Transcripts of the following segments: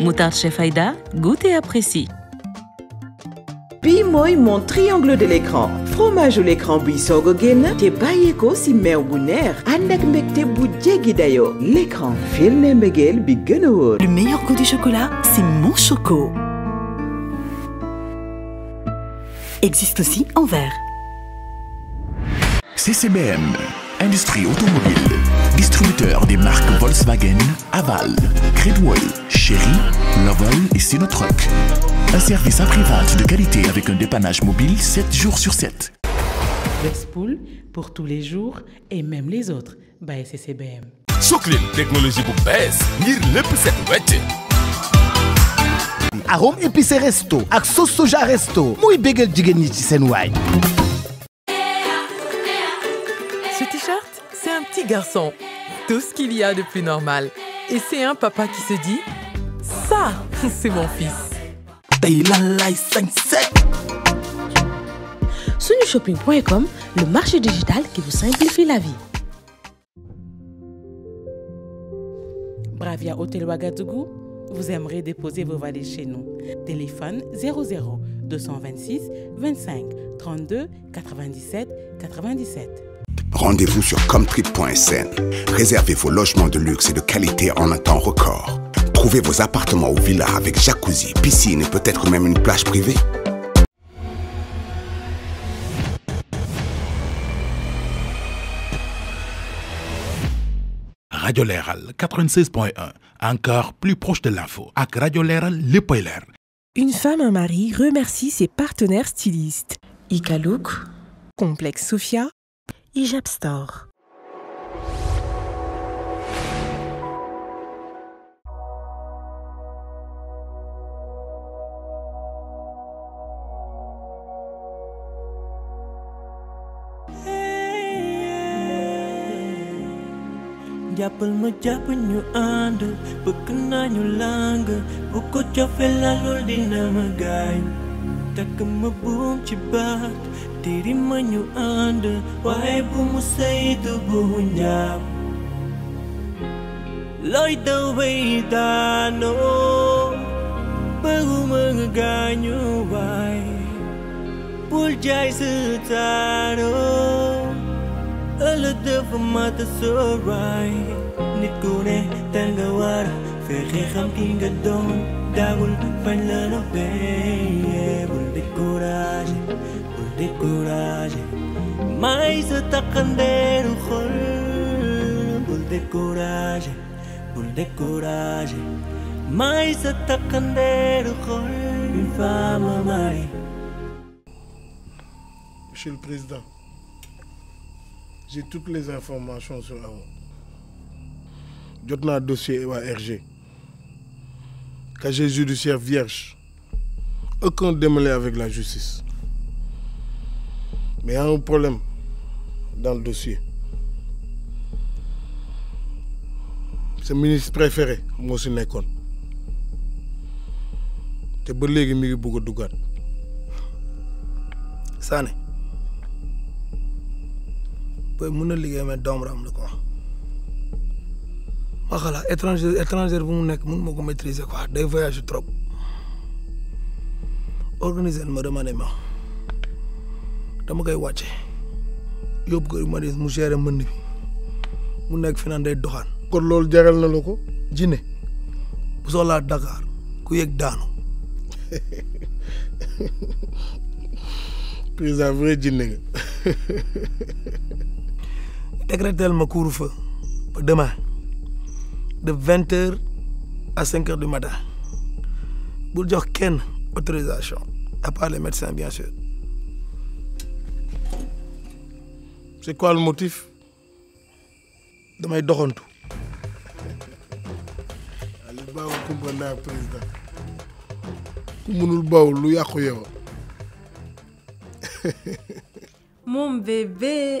Moutarde Chef Aïda, goûte et apprécie. moi, mon triangle de l'écran fromage ou l'écran buy T'es si te bàyyeekoo bonheur. meew bu neex ànd l'écran Filme Megel bi Le meilleur goût du chocolat, c'est mon choco. Existe aussi en verre. CCBM, industrie automobile, distributeur des marques Volkswagen, Aval, Credwell, Chérie, Lovell et Sinotroc. Un service à privates de qualité avec un dépannage mobile 7 jours sur 7. pool pour tous les jours et même les autres. By CCBM. Soklin, technologie pour baisse, ngir le set wecc arôme épicé resto ak sauce soja resto moui bagel jigen ni ci seen ce t-shirt c'est un petit garçon tout ce qu'il y a de plus normal et c'est un papa qui se dit ça, c'est mon fils. Sunushopping.com, le marché digital qui vous simplifie la vie. Bravia Hôtel Ouagadougou, vous aimerez déposer vos valises chez nous. Téléphone 00 226 25 32 97 97. Rendez-vous sur comtrip.sn. Réservez vos logements de luxe et de qualité en un temps record. Trouvez vos appartements ou villas avec jacuzzi, piscine et peut-être même une plage privée. Radio Leral 96.1, encore plus proche de l'info, avec Radio Leral le poiler. Une femme, un mari remercie ses partenaires stylistes. Ika Complexe Sophia, IJab Store. Apel meja jàpp ñu ànd bëgg naa ñu làng bu ko jofee la lool dina ma gaañ takk ma buum ci baat tiri ma ñu ànd waaye bu mu saytu bu ëllëg dafa mat a sooraay nit ku ne tan nga war xam ki nga doon daawul bañ la la béyee bul découragé bul découragé may sa takkandeeru xol bul découragé bul découragé may sa takkandeeru xol une femme may Monsieur le j'ai toutes les informations sur là-haut. J'ai un dossier à RG J'ai judiciaire vierge aucun démêlé avec la justice mais il y a un problème dans le dossier C'est le ministre préféré C'est si nekkoon te ba léegi mi ngi le Boy, mun liggéey mais doom raam la quoi ma xalaat étranger étranger bu mu nekk mun ma maîtriser quoi day voyage trop organiser ma demandé ma dama koy wàcce yob ko ma mu gérer mën bi mu nek fi nan day doxan kon loolu jagal na lako jiné bu so la Dakar ku yek daanu. président vrai jinne nga. décrétez le couvre-feu demain de 20h à 5h du matin. Pour dire qu'une autorisation, à part les médecins bien sûr. C'est quoi le motif de m'aider dormir tout ne bah, pas comprend la Mon bébé.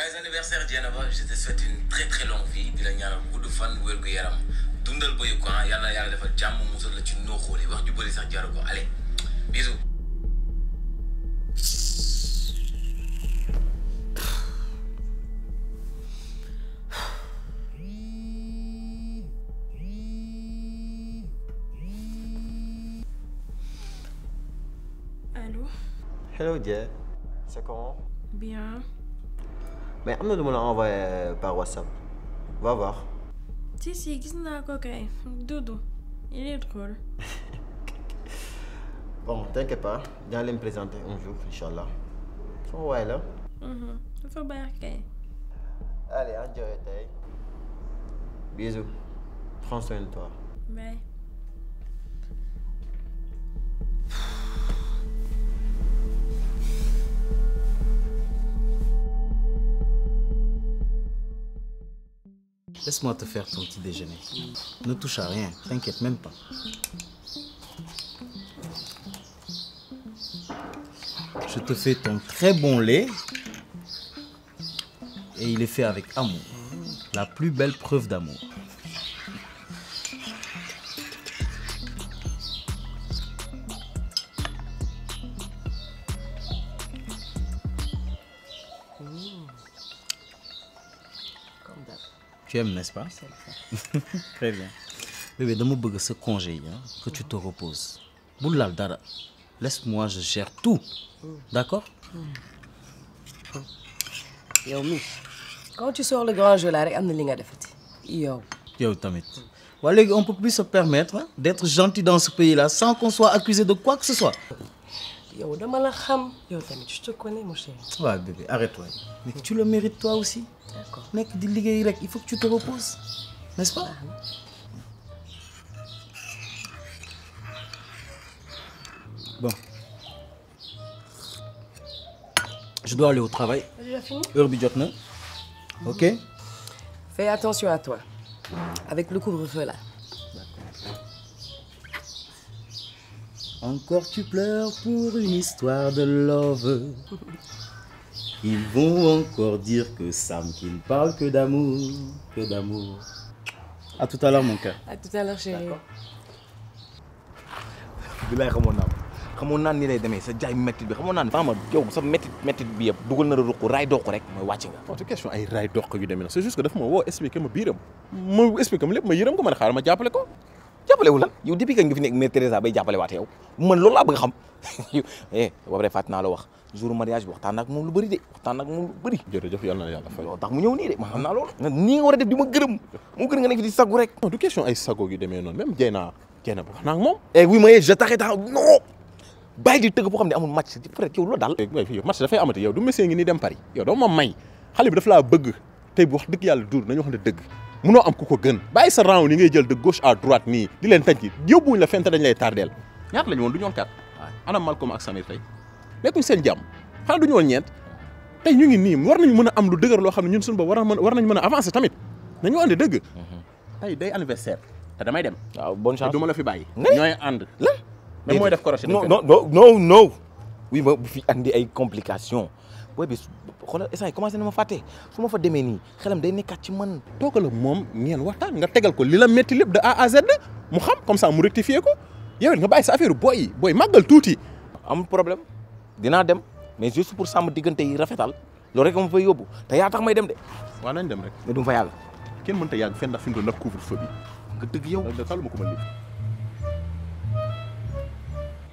joyeux anniversaire Diana, je te souhaite une très très longue vie dila la ñaanal gudd fan wér gu yaram dundal ba ko ah yalla yàlla defal jamm musul la ci nooxoole wax ju bari sax jaru ko allez bisous. allô. hello Dieye. c'est comment. bien mais on na du envoyé par WhatsApp va voir. si si gis a ko Doudou il est drôle. bon t'inquiète pas Je vais me présenter un jour Inch'Allah. allah sama là. la. dafa là kay. allez enjoy tey. bisous prends soin de toi. bye. Laisse-moi te faire ton petit déjeuner. Ne touche à rien, t'inquiète même pas. Je te fais ton très bon lait et il est fait avec amour. La plus belle preuve d'amour. tu aimes, n'est-ce pas Très bien. Bébé, mon bug, ce congé, hein, que tu te reposes. Boulal Dara, laisse-moi, je gère tout. Mm. D'accord mm. Yomi, quand tu sors le grand jeu, là, ne y a des Yo. Yo, Tamit. On ne peut plus se permettre d'être gentil dans ce pays-là sans qu'on soit accusé de quoi que ce soit yow dama la xam yow tamit je te connais mon chéri. bébé arrête-toi mais tu le mérites toi aussi. d'accord nekk di liggéey rek il faut que tu te reposes n'est-ce pas. Ah, bon je dois aller au travail. heure bi jot na ok. fais attention à toi avec le couvre-feu là. Encore tu pleures pour une histoire de love. Ils vont encore dire que Sam qu'il parle que d'amour, que d'amour. À tout à l'heure mon cœur. À tout à l'heure chérie. bilaay xamoon naa ko xamoon naa ni lay démé, sa jay metti bi xamoon naa ne vraiment yow sa metti metti bi yeb dugal na la ray raay rek moy wàcc nga. Autre question ay ray doq yu démé nag c'est juste que daf ma wo expliquer ma biram. ma expliquer ma lépp ma yëram ko man xaaral ma jappalé ko. jàppale wu la yow waate yow man loolu laa bëgg xam eh ba naa la wax jour mariage bi waxtaan ak moom lu bëri de waxtaan ak moom lu bëri jërëjëf yàlla na yàlla fay loolu tax mu ñëw nii de ma xam naa loolu nii nga war a def di ma gërëm moo gën nga nekk di eh, ah, tëgg boo xam ne amul match peut être yow loolu daal eh, yow dem Paris yow ma may xale bi daf laa bëgg tey bu wax dëgg yàlla duur nañu wax ne dëgg munoo am ku ko gën bàyyi sa round yi ngay jël de gauche à droite nii di leen tëj yi yóbbuñ la fente dañ lay tardeel ñaata lañu woon du ñu woon kat ana Malcolm ak Samir tey nekkuñ seen jàmm xanaa du ñu woon ñeent tey ñu ngi nii war nañ mën am lu dëgër loo xam ne ñun suñu bopp war nañ war nañ mën a avancer tamit nañu ànd dëgg tey day anniversaire te damay dem waaw bonne chance du ma la fi bàyyi ñooy ànd lan même mooy def crochet non non non oui ma bu fi andi ay complication booy bi xoolal instant yi commencé na ma fàtte su ma fa demee nii xelam day nekkaat ci man. toogal ak moom ngeen waxtaan nga tegal ko li la métti lépp de A à Z mu xam comme ça mu rectifier ko yow nga bàyyi sa affaire booy yi booy màggal tuuti. am problème dinaa dem mais juste pour sàmm diggante yi rafetal loolu rek ma fay yóbbu te yaa tax may dem de. waaw nañ dem rek. mais du ma fa yàgg. kenn mënta yàgg fenn ndax fi mu doon nag couvre feu bi. nga dëgg yow da taluma ko ma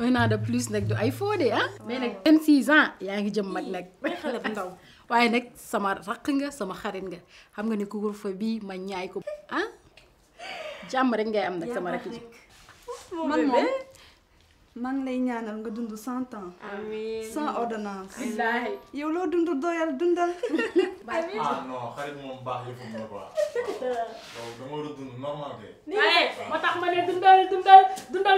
un an de plus nag du ay foodee ah. mais nag 26 ans yaa ngi jëm mag nag. xale waaye nag sama rakk nga sama xarit nga xam nga ni ku fa bii ma ñaay ko ah jàmm rek ngay am nag sama rakk ji. man moom maa lay ñaanal nga dund cent ans. amiin sans ordonnance. yow loo dund doyal dundal. Ah, moo tax ma ne dundal dundal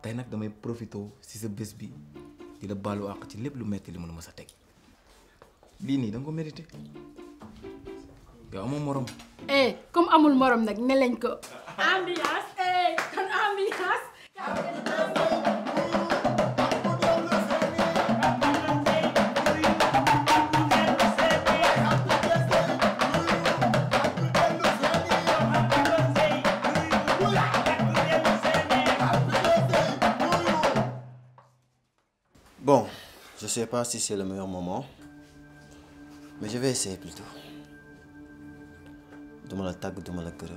tey nag damay profité ci sa bés bi di la baalu àq ci lépp lu metti li mënu ma sa teg lii nii da ko mérité yow amoo morom. eh comme amul morom nag ne lañ ko. ambiance eh kon ambiance. Je sais pas si c'est le meilleur moment, mais je vais essayer plutôt. Je la vais de la gërëm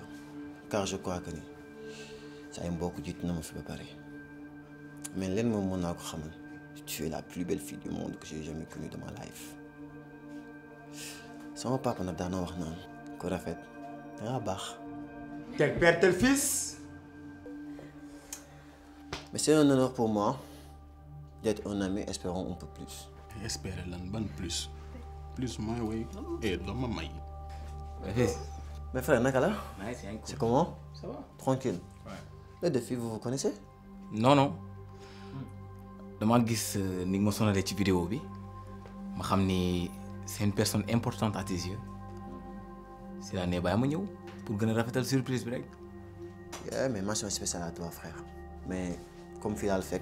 car je crois que ça sa beaucoup dit de na ma fi mais leen moom mën naa tu es la plus belle fille du monde que j'ai jamais connue de ma life mon papa nag daana wax naan ku rafet dangaa baax quel père tel fils mais c'est un honneur pour moi d'être un ami, espérons un peu plus. Espérer lan bon plus. Plus moi oui. Et eh, dans ma maille. Mes frères, Nakala C'est comment Ça va Tranquille. Ouais. Les deux filles, vous vous connaissez Non, non. Je hmm. gis euh, ni nga ma sonalee ci vidéo bi ma c'est une personne importante à tes yeux C'est la ne bàyyi ma ñëw pour gën a surprise bi rek. mais suis spécial à toi frère mais comme fii le fait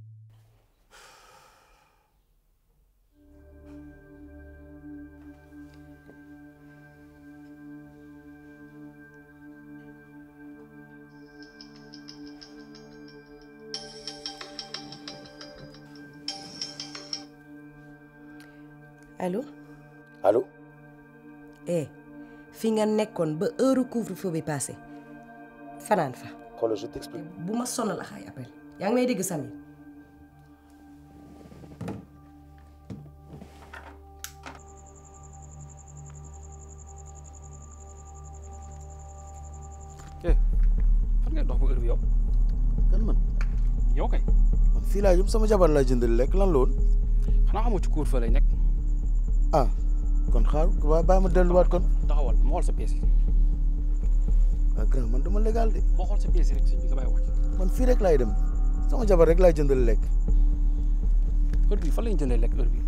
allo allo eh fi nga nekkoon ba heure couvre feu bi passé fanaan fa xoolal je t'explique e, bu sonna la xay appel Ya ngay dégg sami eh fan kan jëm sama jabar la jëndal lek lan lool xana xanaa ci cour fa lay nek ah kon xaar waaw bàyyi ma delluwaat kon. taxawal ma xool sa pièce yi. ah grand man dama légal de. ma xool sa pièce rek sëñ bi nga bàyyi wax. man fii rek laay dem sama jabar rek laay jëndal lekk. heure bii fan lañu jëndee lekk heure bii.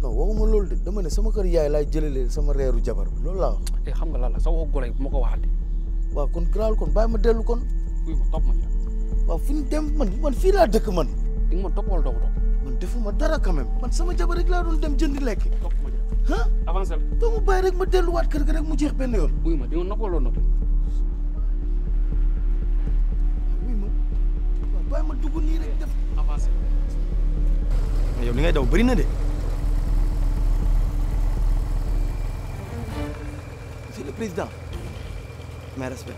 non ma loolu de dama ne sama kër yaay laay jëlalee sama reeru jabar bi loolu laa wax. eh xam nga lan la sa waxu golo yi bu ma ko waxaatee. waaw kon grand kon bàyyi ma dellu kon. oui ma topp ma ci waaw fi ñu dem fii laa dëkk man. di ma topp wala man defuma dara quand même man sama jabar rek laa doon dem jëndi lekk. topp ma jël ah. avancé la doo ma bàyyi rek ma kër ga rek mu jeex benn yoon. buy ma di nga noppaloo buy ma waaw ma dugg nii rek def. yow li ngay daw na de. le président mes respects.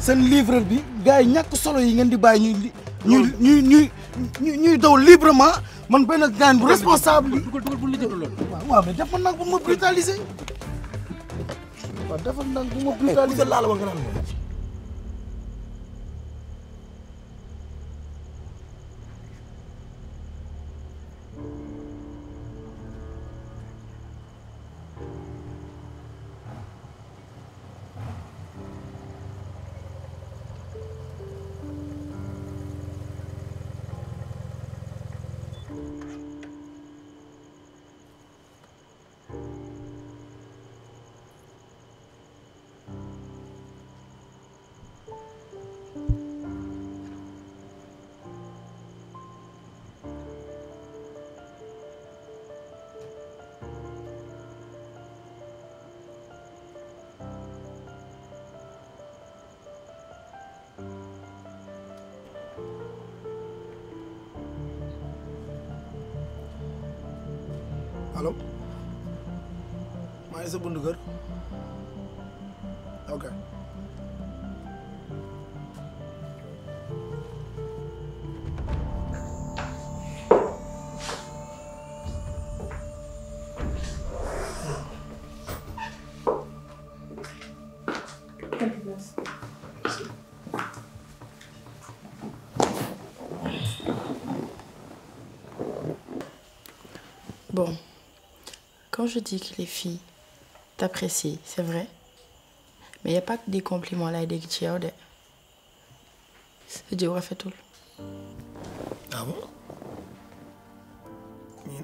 seen livreur bi gars yi ñàkk solo yi ngeen di bàyyi ñuy. ñuy ñuy ñuy ñuy ñuy daw librement man benn gaañ bu responsable bi. dugal dugal bu lijjanti loolu. waaw waaw mais def ma nag bu ma brutaliser waaw defal nag bu ma eh, brutaliser laa la wax nga naan Halo? Maesa Bundugar? Oke. je dis que les filles t'apprécient, c'est vrai. Mais il n'y a pas que des compliments là et des gitchia. C'est Dieu fait tout. Ah bon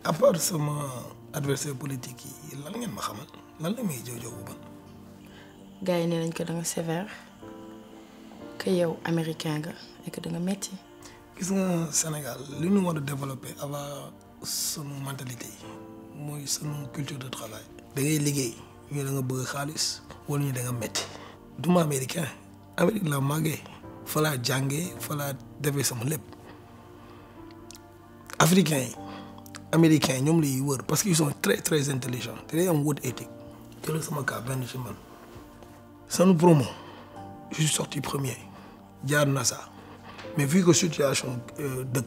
À part son adversaire politique, il y ma des gens la may jojo bu ban gars yi ne nañ ko da nga sévère que yow américain nga et que da nga metti gis nga Sénégal li ñu a développer avant sunu mentalité moy selon culture de travail. da ngay da nga bëgg du américain la africain américain parce qu'ils sont très très intelligents ils ont une éthique. sama cas promo je suis sorti premier mais vu que situation euh, bi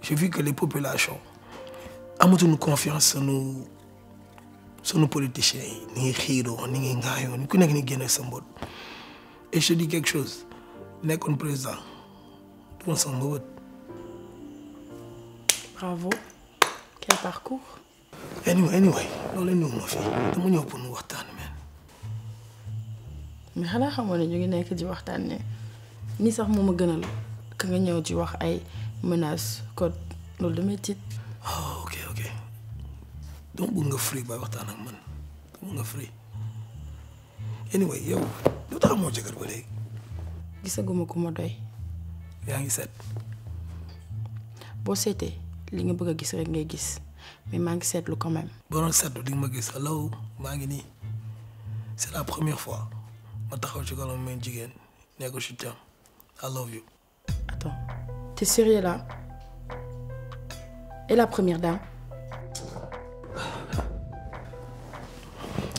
j'ai vu que les populations amatu amatuñu confiance sunu sunu politiciens yi ni ngi xiiroo ni ngi ŋaayoo ni ku nekk ni génne sa mboot et je dis quelque chose nekkoon président du sa sama mbëbët bravo quel parcours anyway anyway loolu indi ma fii dama ñëw pour nu waxtaan meen mais xanaa xamoon ne ñu ngi nekk di waxtaan ne ni sax moom a gënal ka nga ñëw ci wax ay menaces code loolu damay tiit oh. Don't bëgg nga free bay ak man nga free anyway yo, lu tax amoo jëkkër ba léegi. gisaguma doy. yaa ngi set boo seetee li nga bëgg a rek mais quand même. ma allo ngi c'est la première fois ma taxaw ci kanam jigéen je I love you. attends es là et la première dame.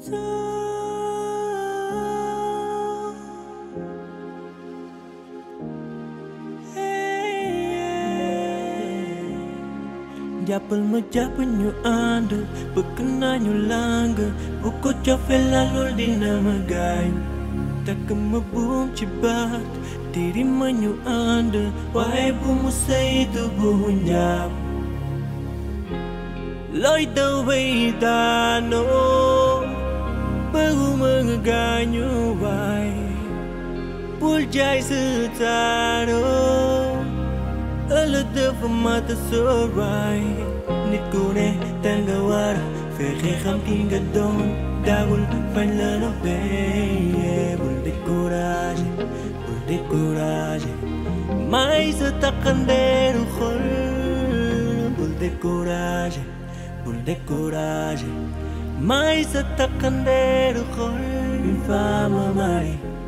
Dapal majapa nyo ando Pagkana nyo langga Buko chafe lalo di na magay Takamabum chibat Tiri man nyo ando Wae bumusay ito buhunyap Lloyd the way that no pagumanganyo bai puljai alat alata mata sorai nikune tangawar ferre khamtinga don dagul panlano be bul de courage bul de courage mais ataqander khol bul de courage bul de courage mai sa takandero kol fama mai